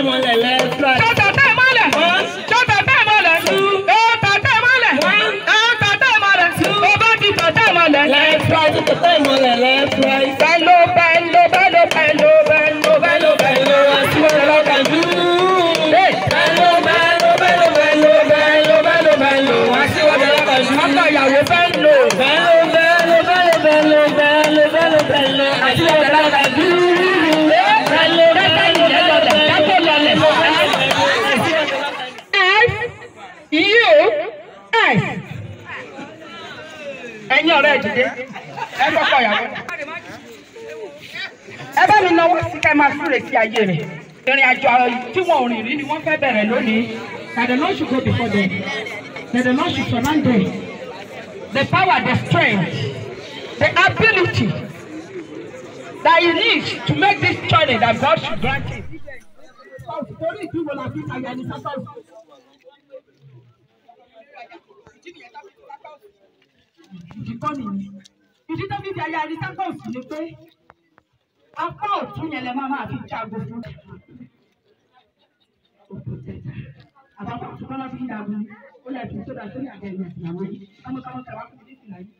I'm on the left, side. ẹ̀yin ọ̀rẹ́ ìdílé ẹ kọ́kọ́ ìyàwó ẹ bá mi náwó sí ká máa súre sí ayé rẹ̀ ìrìn àjò tí wọn ò rìn rí ni wọ́n fẹ́ bẹ̀rẹ̀ lónìí that the Lord should go before them that the Lord should surround them the power the strength the ability that you need to make this journey that God should grant you. ìdí kọ́ nìyí ìdí tó fi fi aya ẹni sáńkọ̀ sí ni pé apá ọ̀tún yẹn lẹ máa máa fi jago fún òkú tẹ̀tà àbábọ̀ àtúbọ̀lá fi ń jago ó lẹ́ẹ̀tún sódà sórí àgbẹ̀ ẹ̀yìn àtìyàwó yìí kámọ́kámọ́ tẹ̀wá kúrò ní ìsìlẹ̀ yìí.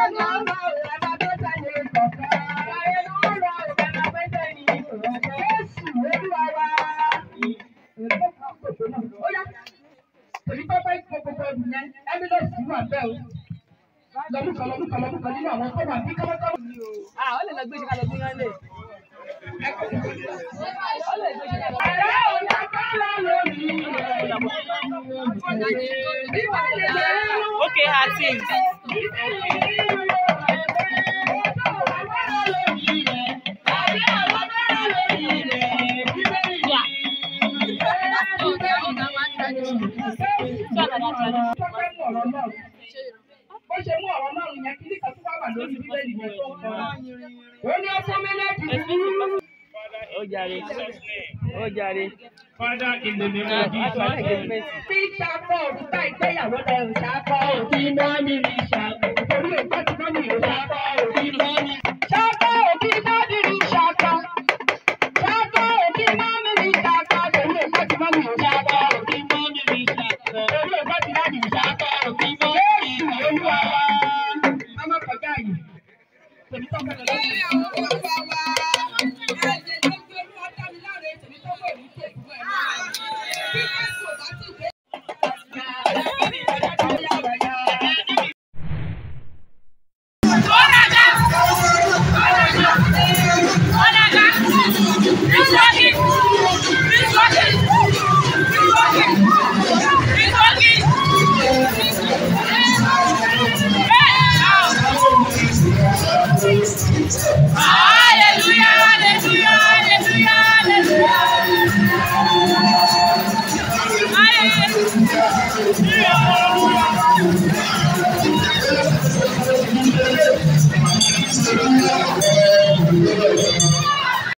lọ́mùkọ̀ lọ́mùkọ̀ lọ́mùkọ̀ nínú àwọn tó wà bí kọ́mọ́kọ́mọ́. à ó Okay, her team. Bó ṣe mú ọ̀rọ̀ náà Father, in the name of Jesus. Peter Paul, Peter